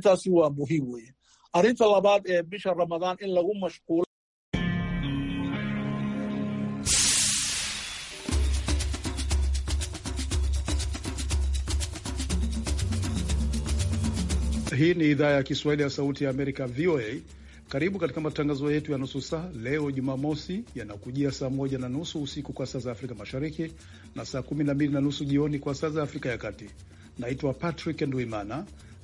Taasi waa muhiim weye. Arinta labaad ee eh, bisha Ramadaan in lagu mashquulo Hii ni idhaa ya Kiswahili ya Sauti ya Amerika, VOA. Karibu katika matangazo yetu ya nusu saa leo Jumamosi, yanakujia saa moja na nusu usiku kwa saa za Afrika Mashariki na saa kumi na mbili na nusu jioni kwa saa za Afrika ya Kati. Naitwa Patrick Nduimana.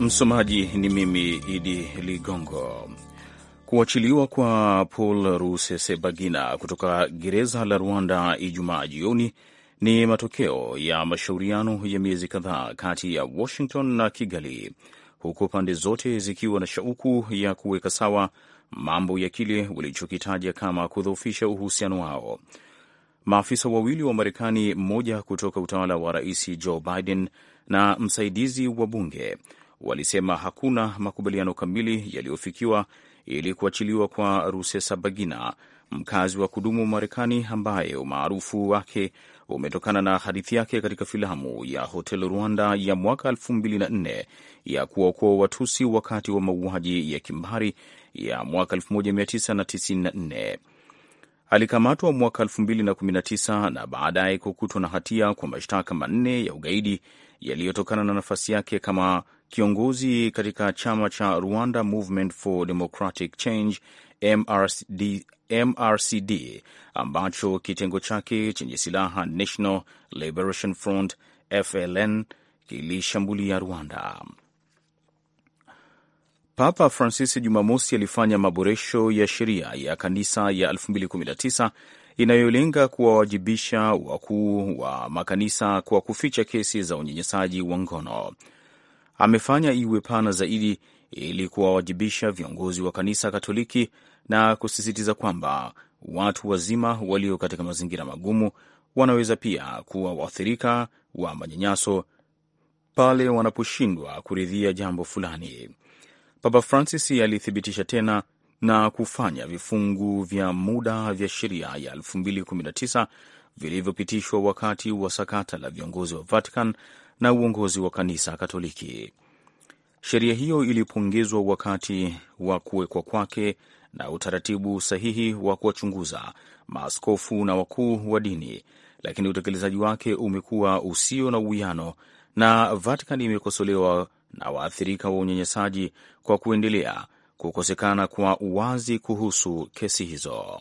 Msomaji ni mimi Idi Ligongo. Kuachiliwa kwa Paul rusesebagina kutoka gereza la Rwanda Ijumaa jioni ni matokeo ya mashauriano ya miezi kadhaa kati ya Washington na Kigali, huku pande zote zikiwa na shauku ya kuweka sawa mambo ya kile walichokitaja kama kudhoofisha uhusiano wao. Maafisa wawili wa Marekani, mmoja kutoka utawala wa Rais Joe Biden na msaidizi wa bunge walisema hakuna makubaliano kamili yaliyofikiwa ili kuachiliwa kwa Rusesabagina, mkazi wa kudumu Marekani ambaye umaarufu wake umetokana na hadithi yake katika filamu ya Hotel Rwanda ya mwaka 2004 ya kuwaokoa Watusi wakati wa mauaji ya kimbari ya mwaka 1994. Alikamatwa mwaka 2019 na baadaye kukutwa na hatia kwa mashtaka manne ya ugaidi yaliyotokana na nafasi yake kama Kiongozi katika chama cha Rwanda Movement for Democratic Change MRCD, MRCD ambacho kitengo chake chenye silaha National Liberation Front FLN kilishambulia Rwanda. Papa Francis Jumamosi alifanya maboresho ya sheria ya kanisa ya 2019 inayolenga kuwawajibisha wakuu wa makanisa kwa kuficha kesi za unyanyasaji wa ngono amefanya iwe pana zaidi ili kuwawajibisha viongozi wa kanisa Katoliki na kusisitiza kwamba watu wazima walio katika mazingira magumu wanaweza pia kuwa waathirika wa manyanyaso pale wanaposhindwa kuridhia jambo fulani. Papa Francis alithibitisha tena na kufanya vifungu vya muda vya sheria ya 2019 vilivyopitishwa wakati wa sakata la viongozi wa Vatican na uongozi wa kanisa Katoliki. Sheria hiyo ilipongezwa wakati wa kuwekwa kwake na utaratibu sahihi wa kuwachunguza maaskofu na wakuu wa dini, lakini utekelezaji wake umekuwa usio na uwiano, na Vatican imekosolewa na waathirika wa unyanyasaji kwa kuendelea kukosekana kwa uwazi kuhusu kesi hizo.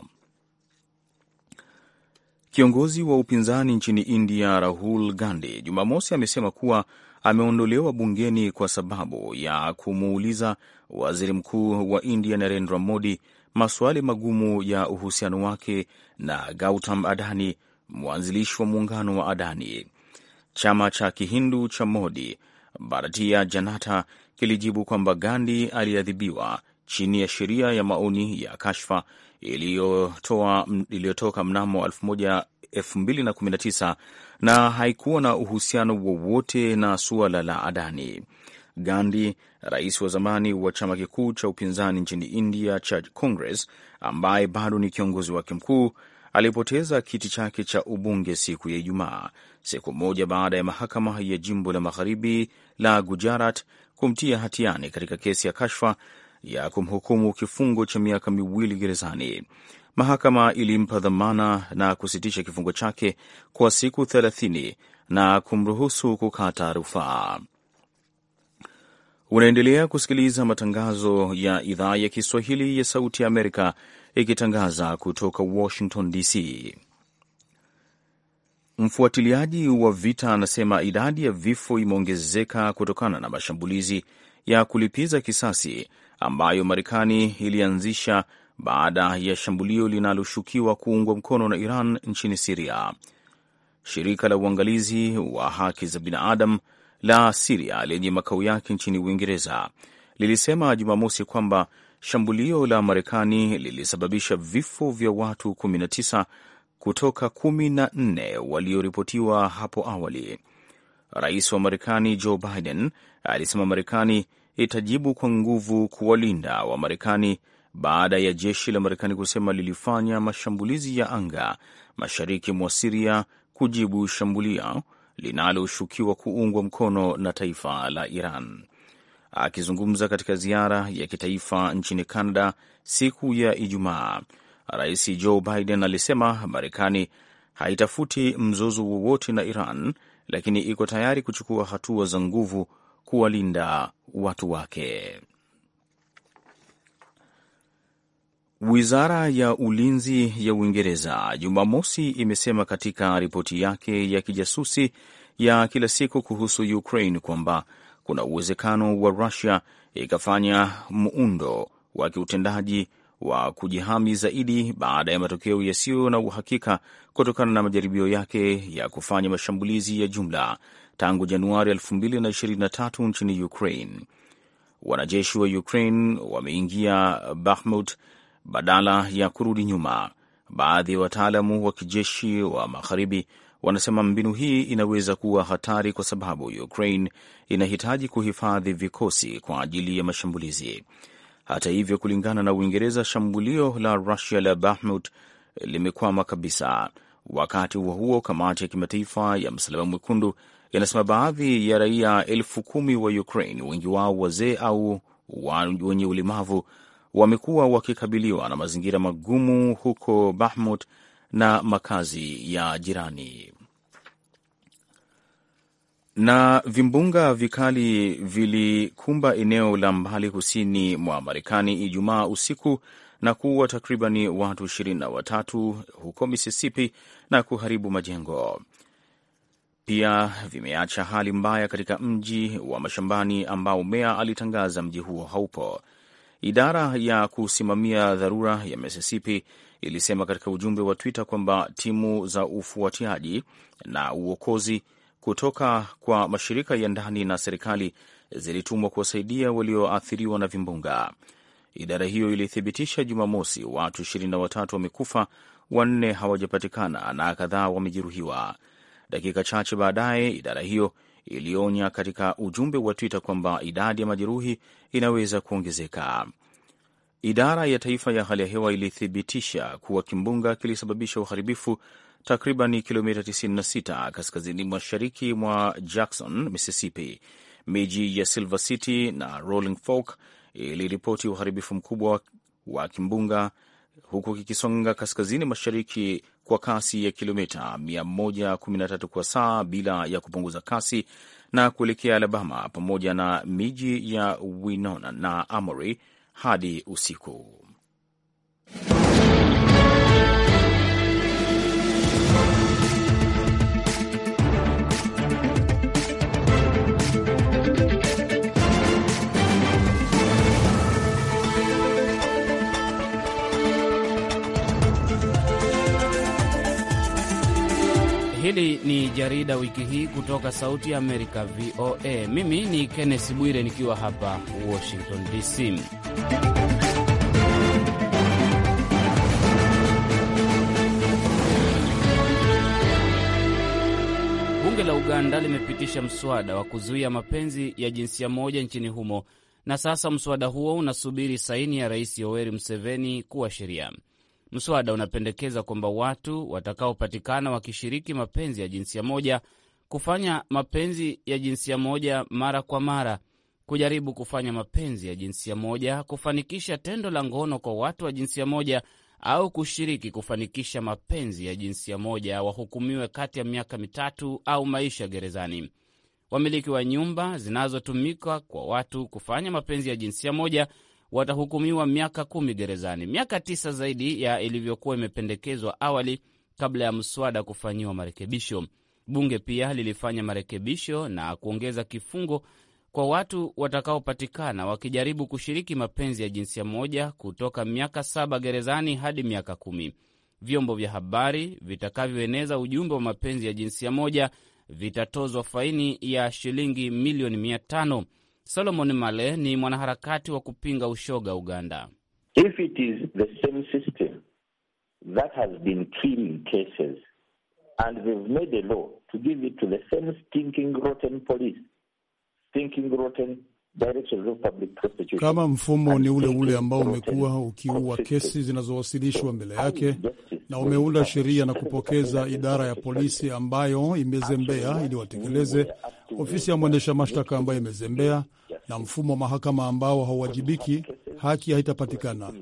Kiongozi wa upinzani nchini India Rahul Gandhi Jumamosi amesema kuwa ameondolewa bungeni kwa sababu ya kumuuliza waziri mkuu wa India Narendra Modi masuali magumu ya uhusiano wake na Gautam Adani, mwanzilishi wa muungano wa Adani. Chama cha Kihindu cha Modi, Bharatiya Janata, kilijibu kwamba Gandhi aliadhibiwa chini ya sheria ya maoni ya kashfa iliyotoka mnamo 2019 na haikuwa na uhusiano wowote na suala la Adani. Gandhi, rais wa zamani wa chama kikuu cha upinzani nchini India cha Congress, ambaye bado ni kiongozi wake mkuu, alipoteza kiti chake cha ubunge siku ya Ijumaa, siku moja baada ya mahakama ya jimbo la magharibi la Gujarat kumtia hatiani katika kesi ya kashfa ya kumhukumu kifungo cha miaka miwili gerezani. Mahakama ilimpa dhamana na kusitisha kifungo chake kwa siku thelathini na kumruhusu kukata rufaa. Unaendelea kusikiliza matangazo ya idhaa ya Kiswahili ya Sauti ya Amerika ikitangaza kutoka Washington DC. Mfuatiliaji wa vita anasema idadi ya vifo imeongezeka kutokana na mashambulizi ya kulipiza kisasi ambayo Marekani ilianzisha baada ya shambulio linaloshukiwa kuungwa mkono na Iran nchini Siria. Shirika la uangalizi wa haki za binadamu la Siria lenye makao yake nchini Uingereza lilisema Jumamosi kwamba shambulio la Marekani lilisababisha vifo vya watu 19 kutoka 14 walioripotiwa hapo awali. Rais wa Marekani Joe Biden alisema Marekani itajibu kwa nguvu kuwalinda Wamarekani baada ya jeshi la Marekani kusema lilifanya mashambulizi ya anga mashariki mwa Siria kujibu shambulio linaloshukiwa kuungwa mkono na taifa la Iran. Akizungumza katika ziara ya kitaifa nchini Canada siku ya Ijumaa, Rais Joe Biden alisema Marekani haitafuti mzozo wowote na Iran, lakini iko tayari kuchukua hatua za nguvu kuwalinda watu wake. Wizara ya ulinzi ya Uingereza Jumamosi imesema katika ripoti yake ya kijasusi ya kila siku kuhusu Ukraine kwamba kuna uwezekano wa Rusia ikafanya muundo wa kiutendaji wa kujihami zaidi baada ya matokeo yasiyo na uhakika kutokana na majaribio yake ya kufanya mashambulizi ya jumla tangu Januari 2023 nchini Ukraine. Wanajeshi wa Ukraine wameingia Bakhmut badala ya kurudi nyuma. Baadhi ya wataalamu wa kijeshi wa magharibi wanasema mbinu hii inaweza kuwa hatari kwa sababu Ukraine inahitaji kuhifadhi vikosi kwa ajili ya mashambulizi. Hata hivyo, kulingana na Uingereza, shambulio la Rusia la Bakhmut limekwama kabisa. Wakati huo huo, kamati ya kimataifa ya Msalaba Mwekundu inasema baadhi ya raia elfu kumi wa Ukraine, wengi wao wazee au wenye ulemavu, wamekuwa wakikabiliwa na mazingira magumu huko Bahmut na makazi ya jirani. Na vimbunga vikali vilikumba eneo la mbali kusini mwa Marekani Ijumaa usiku na kuua takribani watu ishirini na watatu huko Mississippi na kuharibu majengo pia vimeacha hali mbaya katika mji wa mashambani ambao meya alitangaza mji huo haupo. Idara ya kusimamia dharura ya Mississippi ilisema katika ujumbe wa Twitter kwamba timu za ufuatiaji na uokozi kutoka kwa mashirika ya ndani na serikali zilitumwa kuwasaidia walioathiriwa na vimbunga. Idara hiyo ilithibitisha Jumamosi watu 23 wamekufa, wanne hawajapatikana na kadhaa wamejeruhiwa. Dakika chache baadaye, idara hiyo ilionya katika ujumbe wa Twitter kwamba idadi ya majeruhi inaweza kuongezeka. Idara ya Taifa ya Hali ya Hewa ilithibitisha kuwa kimbunga kilisababisha uharibifu takriban kilomita 96 kaskazini mashariki mwa Jackson, Mississippi. Miji ya Silver City na Rolling Fork iliripoti uharibifu mkubwa wa kimbunga huku kikisonga kaskazini mashariki kwa kasi ya kilomita 113 kwa saa bila ya kupunguza kasi na kuelekea Alabama pamoja na miji ya Winona na Amory hadi usiku. Hili ni jarida wiki hii kutoka Sauti ya Amerika, VOA. Mimi ni Kennes Bwire nikiwa hapa Washington DC. Bunge la Uganda limepitisha mswada wa kuzuia mapenzi ya jinsia moja nchini humo, na sasa mswada huo unasubiri saini ya Rais Yoweri Museveni kuwa sheria. Mswada unapendekeza kwamba watu watakaopatikana wakishiriki mapenzi ya jinsia moja, kufanya mapenzi ya jinsia moja mara kwa mara, kujaribu kufanya mapenzi ya jinsia moja, kufanikisha tendo la ngono kwa watu wa jinsia moja au kushiriki kufanikisha mapenzi ya jinsia moja wahukumiwe kati ya miaka mitatu au maisha gerezani. Wamiliki wa nyumba zinazotumika kwa watu kufanya mapenzi ya jinsia moja watahukumiwa miaka kumi gerezani, miaka tisa zaidi ya ilivyokuwa imependekezwa awali kabla ya mswada kufanyiwa marekebisho. Bunge pia lilifanya marekebisho na kuongeza kifungo kwa watu watakaopatikana wakijaribu kushiriki mapenzi ya jinsia moja kutoka miaka saba gerezani hadi miaka kumi. Vyombo vya habari vitakavyoeneza ujumbe wa mapenzi ya jinsia moja vitatozwa faini ya shilingi milioni mia tano. Solomon Male ni mwanaharakati wa kupinga ushoga Uganda. If it is the same system that has been killing cases and they've made a law to give it to the same stinking rotten police, stinking rotten kama mfumo ni ule ule ambao umekuwa ukiua kesi zinazowasilishwa mbele yake, na umeunda sheria na kupokeza idara ya polisi ambayo imezembea ili watekeleze, ofisi ya mwendesha mashtaka ambayo imezembea, na mfumo wa mahakama ambao hauwajibiki, haki haitapatikana.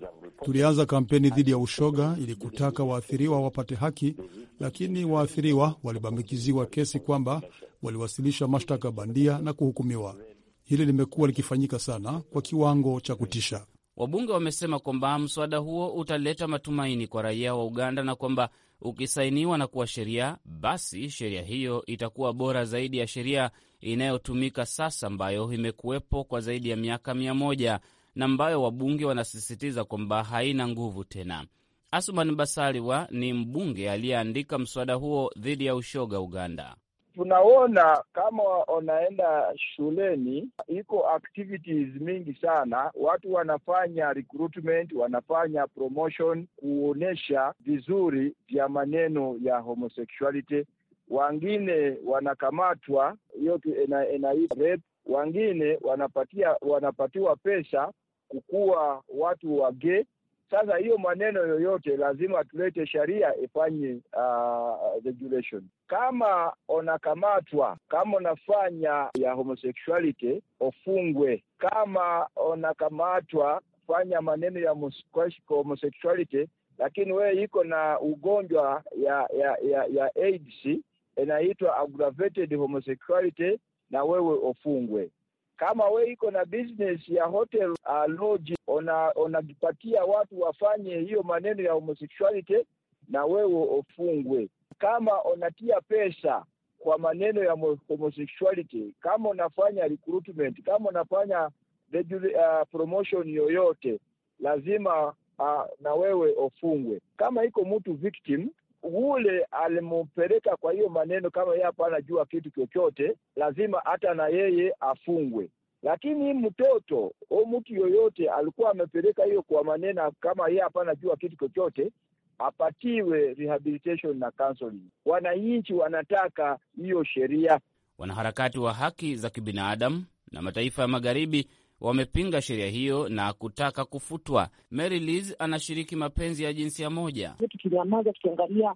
Tulianza kampeni dhidi ya ushoga ili kutaka waathiriwa wapate haki, lakini waathiriwa walibambikiziwa kesi kwamba waliwasilisha mashtaka bandia na kuhukumiwa. Hili limekuwa likifanyika sana kwa kiwango cha kutisha. Wabunge wamesema kwamba mswada huo utaleta matumaini kwa raia wa Uganda na kwamba ukisainiwa na kuwa sheria, basi sheria hiyo itakuwa bora zaidi ya sheria inayotumika sasa, ambayo imekuwepo kwa zaidi ya miaka mia moja na ambayo wabunge wanasisitiza kwamba haina nguvu tena. Asuman Basaliwa ni mbunge aliyeandika mswada huo dhidi ya ushoga Uganda tunaona kama wanaenda shuleni, iko activities mingi sana, watu wanafanya recruitment, wanafanya promotion, kuonesha vizuri vya maneno ya homosexuality. Wangine wanakamatwa, hiyo inaitwa rape. Wangine wanapatia wanapatiwa pesa kukuwa watu wa gay sasa hiyo maneno yoyote lazima tulete sheria ifanye uh, regulation. Kama unakamatwa kama unafanya ya homosexuality ofungwe, kama unakamatwa fanya maneno ya homosexuality lakini wewe iko na ugonjwa ya ya ya, ya AIDS inaitwa aggravated homosexuality, na wewe ofungwe. Kama we iko na business ya hotel uh, lodge, unajipatia ona watu wafanye hiyo maneno ya homosexuality, na wewe ufungwe. Kama unatia pesa kwa maneno ya homosexuality, kama unafanya recruitment, kama unafanya uh, promotion yoyote, lazima uh, na wewe ofungwe. Kama iko mtu victim ule alimpeleka kwa hiyo maneno, kama yeye hapana anajua kitu chochote, lazima hata na yeye afungwe. Lakini mtoto au mtu yoyote alikuwa amepeleka hiyo kwa maneno, kama yeye hapana anajua kitu chochote, apatiwe rehabilitation na counseling. Wananchi wanataka hiyo sheria. Wanaharakati wa haki za kibinadamu na mataifa ya magharibi wamepinga sheria hiyo na kutaka kufutwa. Mary Liz anashiriki mapenzi ya jinsia moja. Tukinyamaza tukiangalia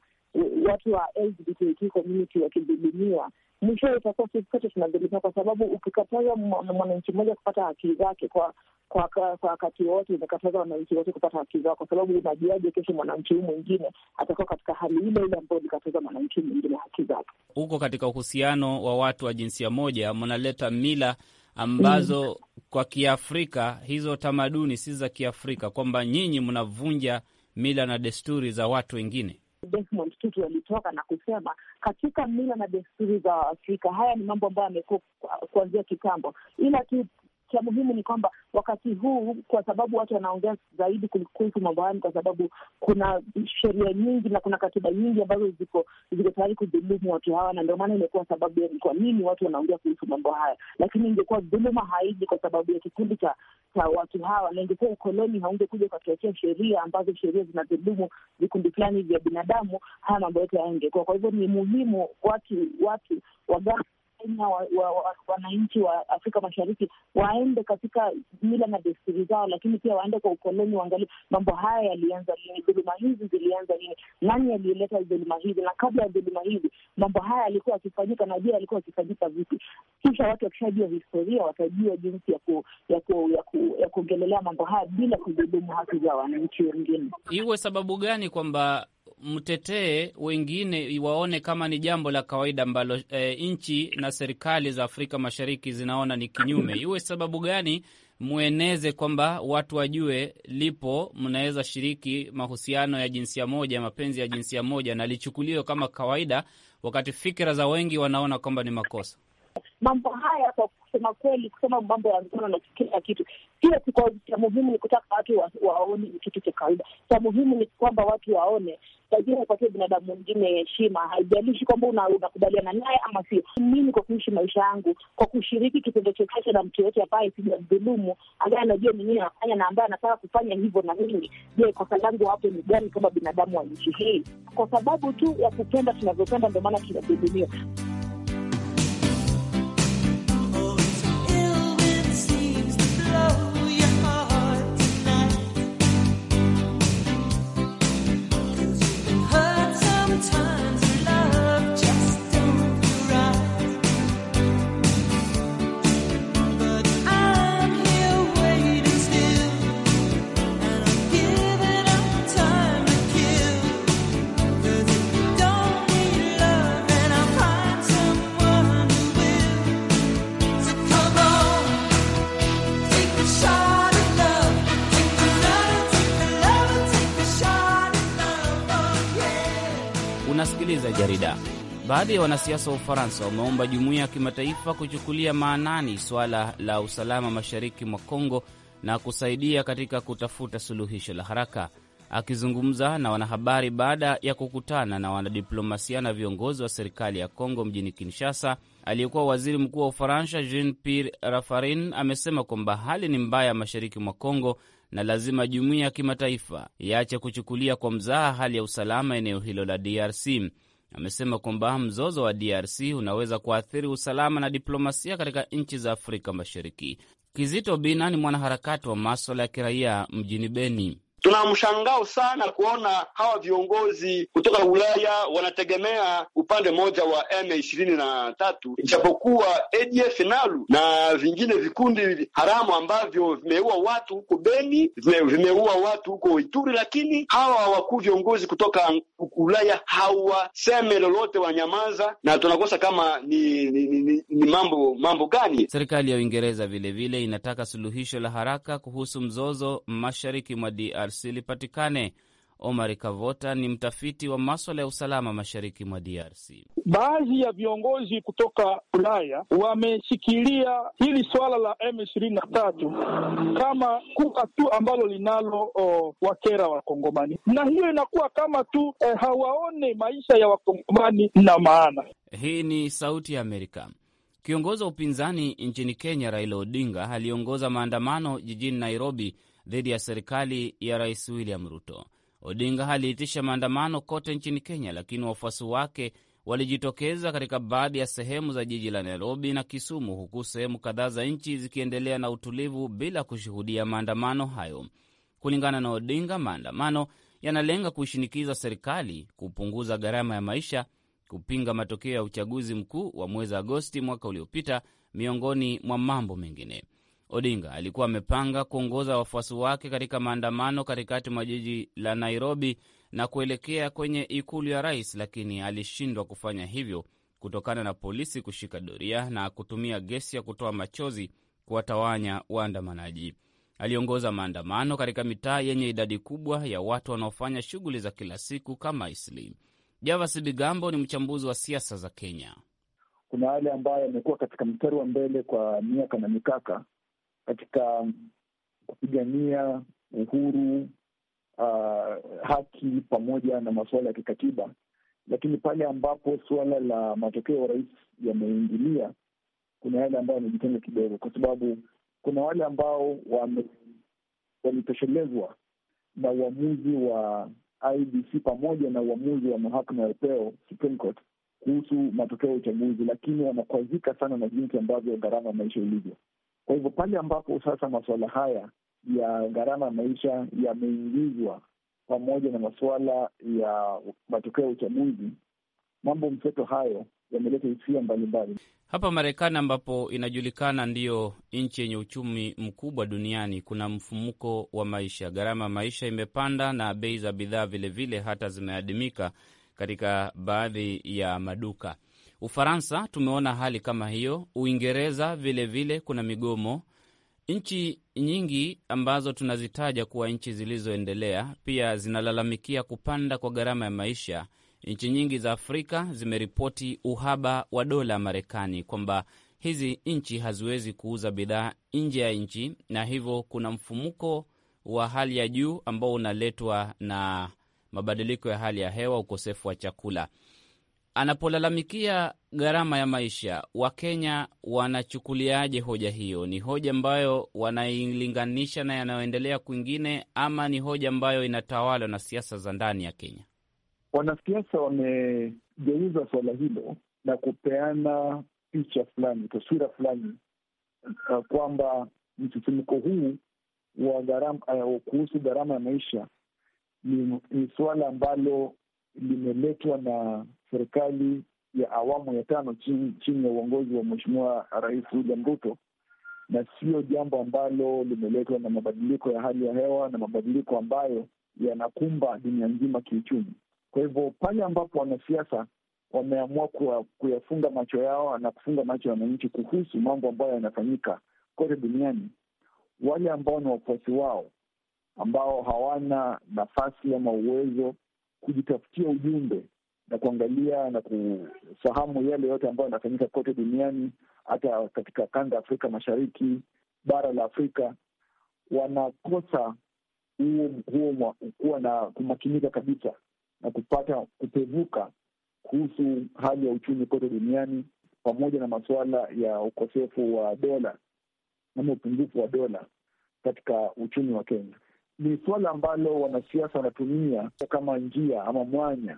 watu wa LGBTQ community wakidhulumiwa, mwishowe itakuwa sisi sote tunadhulumiwa, kwa sababu ukikataza mwananchi mmoja kupata haki zake kwa kwa wakati wote, umekataza wananchi wote kupata haki zao, kwa sababu unajuaje kesho mwananchi huu mwingine atakuwa katika hali ile ile ambayo ulikataza mwananchi mwingine haki zake? Huko katika uhusiano wa watu wa jinsia moja mnaleta mila ambazo mm. kwa Kiafrika hizo tamaduni si za Kiafrika, kwamba nyinyi mnavunja mila na desturi za watu wengine. Desmond Tutu alitoka na kusema katika mila na desturi za Waafrika, haya ni mambo ambayo yamekuwa kuanzia kitambo, ila tu cha muhimu ni kwamba wakati huu, kwa sababu watu wanaongea zaidi kuhusu mambo haya, kwa sababu kuna sheria nyingi na kuna katiba nyingi ambazo ziko ziko tayari kudhulumu watu hawa, na ndio maana imekuwa sababu ya kwa nini watu wanaongea kuhusu mambo haya. Lakini ingekuwa dhuluma haiji kwa sababu ya kikundi cha cha watu hawa, na ingekuwa ukoloni haungekuja ukachochea sheria ambazo sheria zinadhulumu vikundi fulani vya binadamu, haya mambo yote hayangekuwa. Kwa hivyo ni muhimu watu watu wagaa Wakenya wananchi wa, wa, wa Afrika Mashariki waende katika mila na desturi zao, lakini pia waende kwa ukoloni, waangalie mambo haya yalianza lini, dhuluma hizi zilianza lini, nani aliyeleta dhuluma hizi, na kabla ya dhuluma hizi mambo haya yalikuwa yakifanyika, na je, yalikuwa yakifanyika vipi? Kisha watu wakishajua historia watajua jinsi ya ku, ya ku, ya ku, ya kuongelelea mambo haya bila kudhulumu haki za wananchi wengine. Iwe sababu gani kwamba mtetee wengine waone kama ni jambo la kawaida ambalo e, nchi na serikali za Afrika Mashariki zinaona ni kinyume. Iwe sababu gani, mweneze kwamba watu wajue lipo, mnaweza shiriki mahusiano ya jinsia moja, mapenzi ya jinsia moja, na lichukuliwe kama kawaida, wakati fikira za wengi wanaona kwamba ni makosa mambo haya kwa kusema kweli, kusema mambo ya ngono na kila kitu. Kila cha muhimu ni kutaka watu wa, waone ni kitu cha kawaida. Cha muhimu ni kwamba watu waone lazima upatie binadamu mwingine heshima, haijalishi kwamba unakubaliana naye ama sio. Mimi kwa kuishi maisha yangu kwa kushiriki kitendo chochote na mtu yoyote ambaye sijamdhulumu, ambaye anajua ni nini anafanya na ambaye anataka kufanya hivyo na mimi, je, kosa langu hapo ni gani kama binadamu wa nchi hii? Kwa sababu tu ya kupenda tunavyopenda, ndio maana tunadhulumiwa. jarida. Baadhi ya wanasiasa wa Ufaransa wameomba jumuiya ya kimataifa kuchukulia maanani suala la usalama mashariki mwa Kongo na kusaidia katika kutafuta suluhisho la haraka. Akizungumza na wanahabari baada ya kukutana na wanadiplomasia na viongozi wa serikali ya Kongo mjini Kinshasa, aliyekuwa waziri mkuu wa Ufaransa Jean Pierre Raffarin amesema kwamba hali ni mbaya mashariki mwa Kongo na lazima jumuiya ya kimataifa iache kuchukulia kwa mzaha hali ya usalama eneo hilo la DRC amesema kwamba mzozo wa DRC unaweza kuathiri usalama na diplomasia katika nchi za Afrika Mashariki. Kizito Bina ni mwanaharakati wa maswala ya kiraia mjini Beni. Tuna mshangao sana kuona hawa viongozi kutoka Ulaya wanategemea upande mmoja wa m ishirini na tatu ijapokuwa ADF nalu na vingine vikundi haramu ambavyo vimeua watu huko Beni, vimeua watu huko Ituri, lakini hawa wakuu viongozi kutoka Ulaya hawaseme lolote, wanyamaza, na tunakosa kama ni, ni, ni, ni mambo mambo gani? Serikali ya Uingereza vilevile inataka suluhisho la haraka kuhusu mzozo mashariki mwa DR DRC lipatikane. Omar Kavota ni mtafiti wa maswala ya usalama mashariki mwa DRC. Baadhi ya viongozi kutoka Ulaya wameshikilia hili swala la M ishirini na tatu kama kuka tu ambalo linalo o, wakera Wakongomani, na hiyo inakuwa kama tu eh, hawaone maisha ya Wakongomani na maana. Hii ni Sauti ya Amerika. Kiongozi wa upinzani nchini Kenya Raila Odinga aliongoza maandamano jijini Nairobi dhidi ya serikali ya Rais William Ruto. Odinga aliitisha maandamano kote nchini Kenya, lakini wafuasi wake walijitokeza katika baadhi ya sehemu za jiji la Nairobi na Kisumu, huku sehemu kadhaa za nchi zikiendelea na utulivu bila kushuhudia maandamano hayo. Kulingana na Odinga, maandamano yanalenga kuishinikiza serikali kupunguza gharama ya maisha, kupinga matokeo ya uchaguzi mkuu wa mwezi Agosti mwaka uliopita, miongoni mwa mambo mengine. Odinga alikuwa amepanga kuongoza wafuasi wake katika maandamano katikati mwa jiji la Nairobi na kuelekea kwenye ikulu ya rais, lakini alishindwa kufanya hivyo kutokana na polisi kushika doria na kutumia gesi ya kutoa machozi kuwatawanya waandamanaji. Aliongoza maandamano katika mitaa yenye idadi kubwa ya watu wanaofanya shughuli za kila siku kama Isli. Javas Bigambo ni mchambuzi wa siasa za Kenya. Kuna wale ambayo amekuwa katika mstari wa mbele kwa miaka na mikaka katika kupigania uhuru, uh, haki pamoja na masuala ya kikatiba, lakini pale ambapo suala la matokeo ya urais yameingilia, kuna yale ambayo yamejitenga kidogo, kwa sababu kuna wale ambao walitoshelezwa na uamuzi wa IBC pamoja na uamuzi wa mahakama ya upeo Supreme Court kuhusu matokeo ya uchaguzi, lakini wanakwazika sana na jinsi ambavyo gharama maisha ilivyo. Kwa hivyo pale ambapo sasa masuala haya ya gharama ya maisha yameingizwa pamoja na masuala ya matokeo ya uchaguzi, mambo mseto hayo yameleta hisia mbalimbali hapa Marekani, ambapo inajulikana ndiyo nchi yenye uchumi mkubwa duniani. Kuna mfumuko wa maisha, gharama ya maisha imepanda na bei za bidhaa vilevile hata zimeadimika katika baadhi ya maduka. Ufaransa tumeona hali kama hiyo, Uingereza vilevile vile, kuna migomo. Nchi nyingi ambazo tunazitaja kuwa nchi zilizoendelea pia zinalalamikia kupanda kwa gharama ya maisha. Nchi nyingi za Afrika zimeripoti uhaba wa dola ya Marekani, kwamba hizi nchi haziwezi kuuza bidhaa nje ya nchi, na hivyo kuna mfumuko wa hali ya juu ambao unaletwa na mabadiliko ya hali ya hewa, ukosefu wa chakula anapolalamikia gharama ya maisha, Wakenya wanachukuliaje hoja hiyo? Ni hoja ambayo wanailinganisha na yanayoendelea kwingine, ama ni hoja ambayo inatawala na siasa za ndani ya Kenya? Wanasiasa wamegeuza suala hilo na kupeana picha fulani, taswira fulani kwamba msisimko huu wa gharama uh, kuhusu gharama ya maisha ni, ni suala ambalo limeletwa na serikali ya awamu ya tano chini, chini ya uongozi wa Mheshimiwa Rais William Ruto, na sio jambo ambalo limeletwa na mabadiliko ya hali ya hewa na mabadiliko ambayo yanakumba dunia nzima kiuchumi. Kwa hivyo pale ambapo wanasiasa wameamua kuyafunga macho yao na kufunga macho ya wananchi kuhusu mambo ambayo yanafanyika kote duniani, wale ambao ni wafuasi wao ambao hawana nafasi ama uwezo kujitafutia ujumbe na kuangalia na kufahamu yale yote ambayo yanafanyika kote duniani, hata katika kanda ya Afrika Mashariki, bara la Afrika, wanakosa huo kuwa na kumakinika kabisa na kupata kupevuka kuhusu hali ya uchumi kote duniani, pamoja na masuala ya ukosefu wa dola ama upungufu wa dola katika uchumi wa Kenya. Ni suala ambalo wanasiasa wanatumia kama njia ama mwanya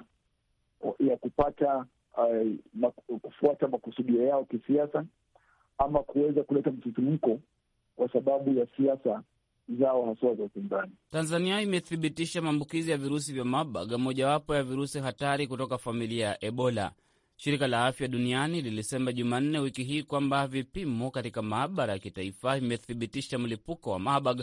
Eh, ya kupata uh, kufuata makusudio yao kisiasa ama kuweza kuleta msisimko kwa sababu ya siasa zao haswa za upinzani. Tanzania imethibitisha maambukizi ya virusi vya mabaga, mojawapo ya virusi hatari kutoka familia ya Ebola. Shirika la Afya Duniani lilisema Jumanne wiki hii kwamba vipimo katika maabara ya kitaifa imethibitisha mlipuko wa mabag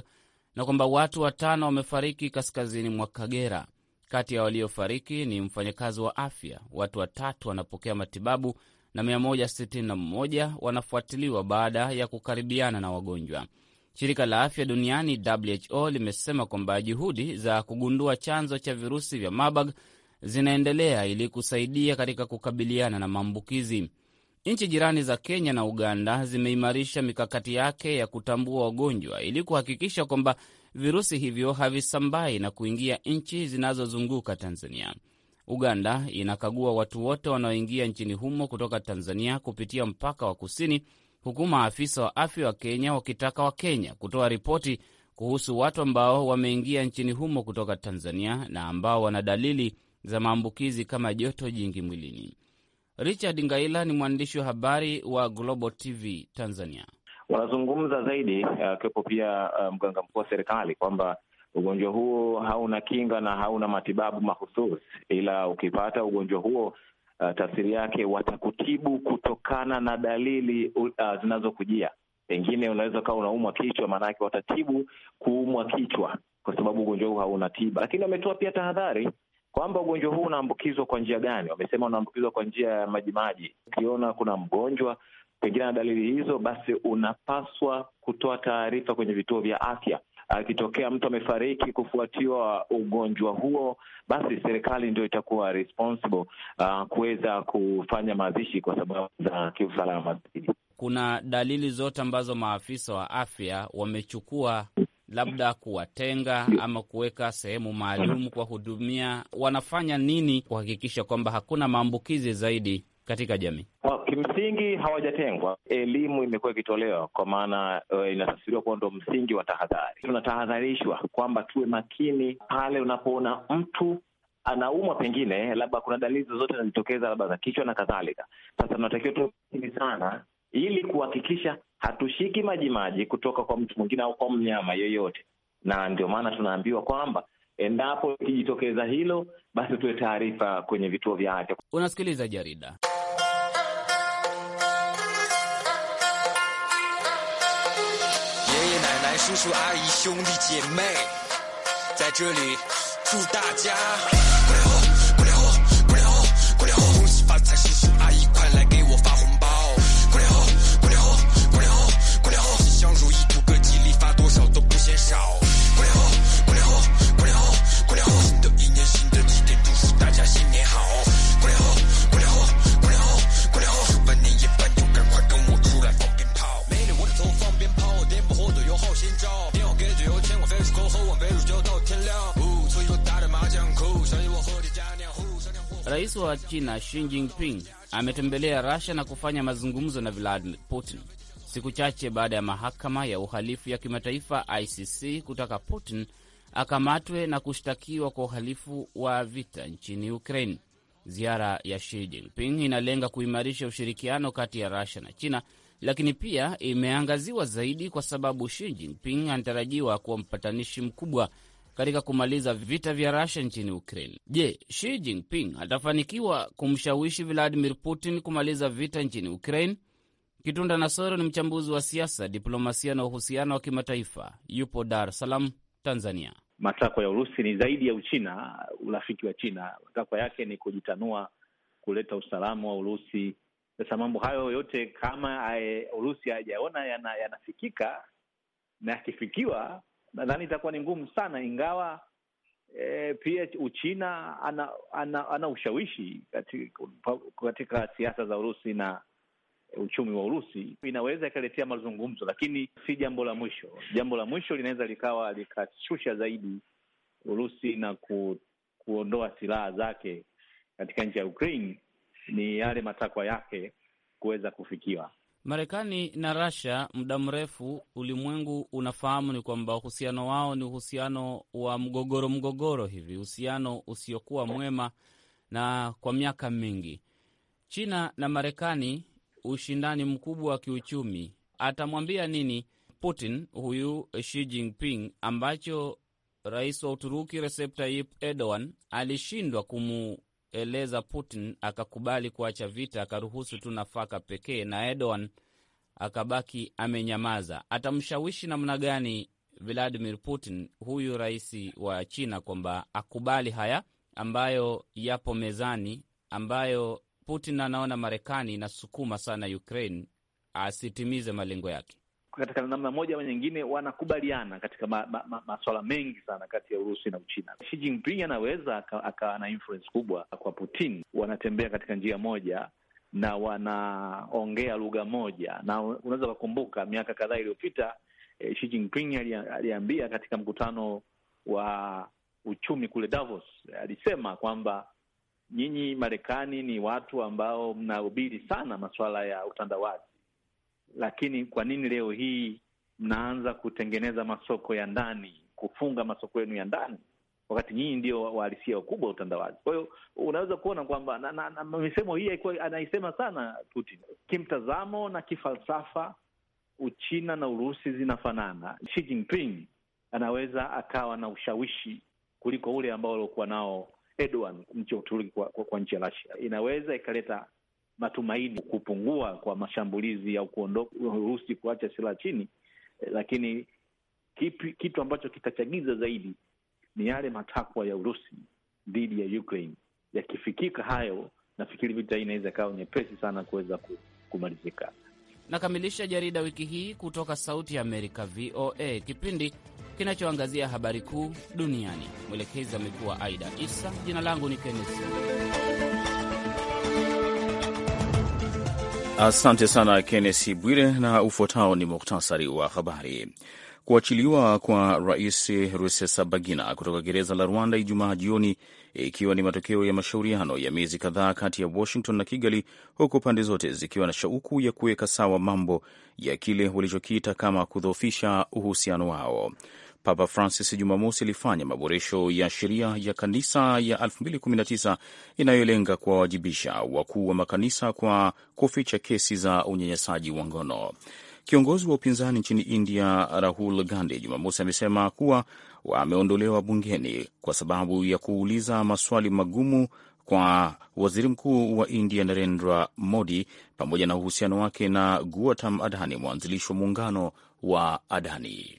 na kwamba watu watano wamefariki kaskazini mwa Kagera. Kati ya waliofariki ni mfanyakazi wa afya, watu watatu wanapokea matibabu na 161 wanafuatiliwa baada ya kukaribiana na wagonjwa. Shirika la afya duniani WHO limesema kwamba juhudi za kugundua chanzo cha virusi vya Marburg zinaendelea ili kusaidia katika kukabiliana na maambukizi. Nchi jirani za Kenya na Uganda zimeimarisha mikakati yake ya kutambua wagonjwa ili kuhakikisha kwamba virusi hivyo havisambai na kuingia nchi zinazozunguka Tanzania. Uganda inakagua watu wote wanaoingia nchini humo kutoka Tanzania kupitia mpaka wa kusini, huku maafisa wa afya wa Kenya wakitaka Wakenya kutoa ripoti kuhusu watu ambao wameingia nchini humo kutoka Tanzania na ambao wana dalili za maambukizi kama joto jingi mwilini. Richard Ngaila ni mwandishi wa habari wa Global TV Tanzania wanazungumza zaidi, eh, akiwepo pia eh, mganga mkuu wa serikali kwamba ugonjwa huo hauna kinga na hauna matibabu mahususi, ila ukipata ugonjwa huo Uh, tafsiri yake watakutibu kutokana na dalili uh, zinazokujia. Pengine unaweza ukawa unaumwa kichwa, maanake watatibu kuumwa kichwa, kwa sababu ugonjwa huu hauna tiba. Lakini wametoa pia tahadhari kwamba ugonjwa huu unaambukizwa kwa njia gani. Wamesema unaambukizwa kwa njia ya majimaji. Ukiona kuna mgonjwa pengine na dalili hizo, basi unapaswa kutoa taarifa kwenye vituo vya afya. Akitokea mtu amefariki kufuatiwa ugonjwa huo, basi serikali ndio itakuwa responsible uh, kuweza kufanya mazishi kwa sababu za kiusalama zaidi. Kuna dalili zote ambazo maafisa wa afya wamechukua labda kuwatenga ama kuweka sehemu maalum kuwahudumia, wanafanya nini kuhakikisha kwamba hakuna maambukizi zaidi katika jamii? kimsingi hawajatengwa, elimu imekuwa ikitolewa kwa maana uh, eh, inatafsiriwa kuwa ndo msingi wa tahadhari. Tunatahadharishwa kwamba tuwe makini pale unapoona mtu anaumwa pengine, labda kuna dalili zozote zinajitokeza, labda za kichwa na kadhalika. Sasa tunatakiwa tuwe makini sana, ili kuhakikisha hatushiki majimaji kutoka kwa mtu mwingine au kwa mnyama yoyote, na ndio maana tunaambiwa kwamba endapo ikijitokeza hilo, basi tuwe taarifa kwenye vituo vya afya. Unasikiliza jarida 叔叔阿姨，兄弟姐妹，在这里祝大家。wa China Xi Jinping ametembelea Russia na kufanya mazungumzo na Vladimir Putin siku chache baada ya mahakama ya uhalifu ya kimataifa ICC kutaka Putin akamatwe na kushtakiwa kwa uhalifu wa vita nchini Ukraine. Ziara ya Xi Jinping inalenga kuimarisha ushirikiano kati ya Russia na China, lakini pia imeangaziwa zaidi kwa sababu Xi Jinping anatarajiwa kuwa mpatanishi mkubwa katika kumaliza vita vya Rusia nchini Ukraine. Je, Xi Jinping atafanikiwa kumshawishi Vladimir Putin kumaliza vita nchini Ukraine? Kitunda Nasoro ni mchambuzi wa siasa, diplomasia na uhusiano wa kimataifa, yupo Dar es Salaam, Tanzania. Matakwa ya Urusi ni zaidi ya Uchina, urafiki wa China. Matakwa yake ni kujitanua, kuleta usalama wa Urusi. Sasa mambo hayo yote kama ae, Urusi hajaona yanafikika yana na akifikiwa nadhani itakuwa ni ngumu sana, ingawa e, pia Uchina ana ana, ana ushawishi katika, katika siasa za Urusi na uchumi wa Urusi, inaweza ikaletea mazungumzo, lakini si jambo la mwisho. Jambo la mwisho linaweza likawa likashusha zaidi Urusi na ku, kuondoa silaha zake katika nchi ya Ukraine. Ni yale matakwa yake kuweza kufikiwa. Marekani na Russia muda mrefu ulimwengu unafahamu ni kwamba uhusiano wao ni uhusiano wa mgogoro mgogoro hivi, uhusiano usiokuwa mwema na kwa miaka mingi. China na Marekani, ushindani mkubwa wa kiuchumi, atamwambia nini Putin huyu Xi Jinping ambacho rais wa Uturuki Recep Tayyip Erdogan alishindwa eleza Putin akakubali kuacha vita, akaruhusu tu nafaka pekee, na Erdogan akabaki amenyamaza, atamshawishi namna gani Vladimir Putin huyu rais wa China kwamba akubali haya ambayo yapo mezani, ambayo Putin anaona Marekani inasukuma sana Ukraine asitimize malengo yake? katika namna moja ama nyingine wanakubaliana katika ma, ma, ma, maswala mengi sana kati ya Urusi na Uchina. Xi Jinping anaweza akawa na influence kubwa kwa Putin, wanatembea katika njia moja na wanaongea lugha moja, na unaweza ukakumbuka miaka kadhaa iliyopita eh, Xi Jinping aliambia katika mkutano wa uchumi kule Davos, alisema kwamba nyinyi Marekani ni watu ambao mnahubiri sana masuala ya utandawazi lakini kwa nini leo hii mnaanza kutengeneza masoko ya ndani, kufunga masoko yenu ya ndani, wakati nyinyi ndio wahalisia wakubwa wa utandawazi? Kwa hiyo unaweza kuona kwamba na, na, na, misemo hii haikuwa anaisema sana Putin. Kimtazamo na kifalsafa Uchina na Urusi zinafanana. Xi Jinping anaweza akawa na ushawishi kuliko ule ambao aliokuwa nao Erdogan, nchi ya Uturuki kwa, kwa, kwa nchi ya Russia. Inaweza ikaleta matumaini kupungua kwa mashambulizi au kuondoka Urusi kuacha silaha chini, eh, lakini kipi, kitu ambacho kitachagiza zaidi ni yale matakwa ya Urusi dhidi ya Ukraine. Yakifikika hayo, nafikiri vita hii inaweza ikawa nyepesi sana kuweza kumalizika. Nakamilisha jarida wiki hii kutoka Sauti ya Amerika, VOA, kipindi kinachoangazia habari kuu duniani. Mwelekezi amekuwa Aida Isa. Jina langu ni Kenneth Asante sana Kennesi Bwire, na ufuatao ni muhtasari wa habari. Kuachiliwa kwa Rais Rusesabagina kutoka gereza la Rwanda Ijumaa jioni ikiwa ni matokeo ya mashauriano ya miezi kadhaa kati ya Washington na Kigali, huku pande zote zikiwa na shauku ya kuweka sawa mambo ya kile walichokiita kama kudhoofisha uhusiano wao. Papa Francis Jumamosi ilifanya maboresho ya sheria ya kanisa ya 2019 inayolenga kuwawajibisha wakuu wa makanisa kwa kuficha kesi za unyanyasaji wa ngono. Kiongozi wa upinzani nchini India Rahul Gandhi Jumamosi amesema kuwa wameondolewa bungeni kwa sababu ya kuuliza maswali magumu kwa waziri mkuu wa India Narendra Modi pamoja na uhusiano wake na Gautam Adani, mwanzilishi wa muungano wa Adani.